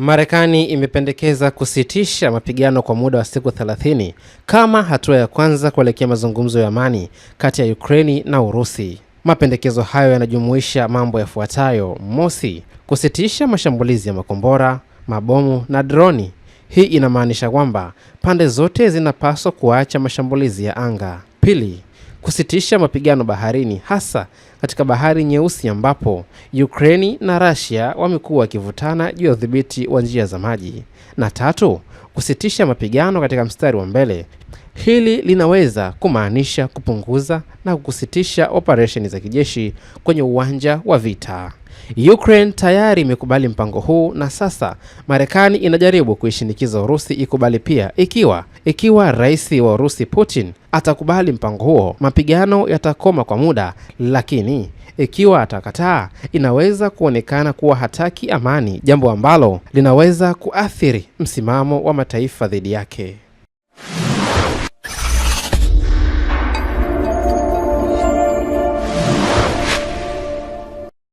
Marekani imependekeza kusitisha mapigano kwa muda wa siku 30 kama hatua ya kwanza kuelekea mazungumzo ya amani kati ya Ukraini na Urusi. Mapendekezo hayo yanajumuisha mambo yafuatayo: mosi, kusitisha mashambulizi ya makombora, mabomu na droni. Hii inamaanisha kwamba pande zote zinapaswa kuacha mashambulizi ya anga. Pili, kusitisha mapigano baharini hasa katika Bahari Nyeusi ambapo Ukraini na Russia wamekuwa wakivutana juu ya udhibiti wa njia za maji. Na tatu, kusitisha mapigano katika mstari wa mbele. Hili linaweza kumaanisha kupunguza na kusitisha operesheni za kijeshi kwenye uwanja wa vita. Ukraine tayari imekubali mpango huu na sasa Marekani inajaribu kuishinikiza Urusi ikubali pia. Ikiwa ikiwa rais wa Urusi Putin atakubali mpango huo, mapigano yatakoma kwa muda, lakini ikiwa atakataa, inaweza kuonekana kuwa hataki amani, jambo ambalo linaweza kuathiri msimamo wa mataifa dhidi yake.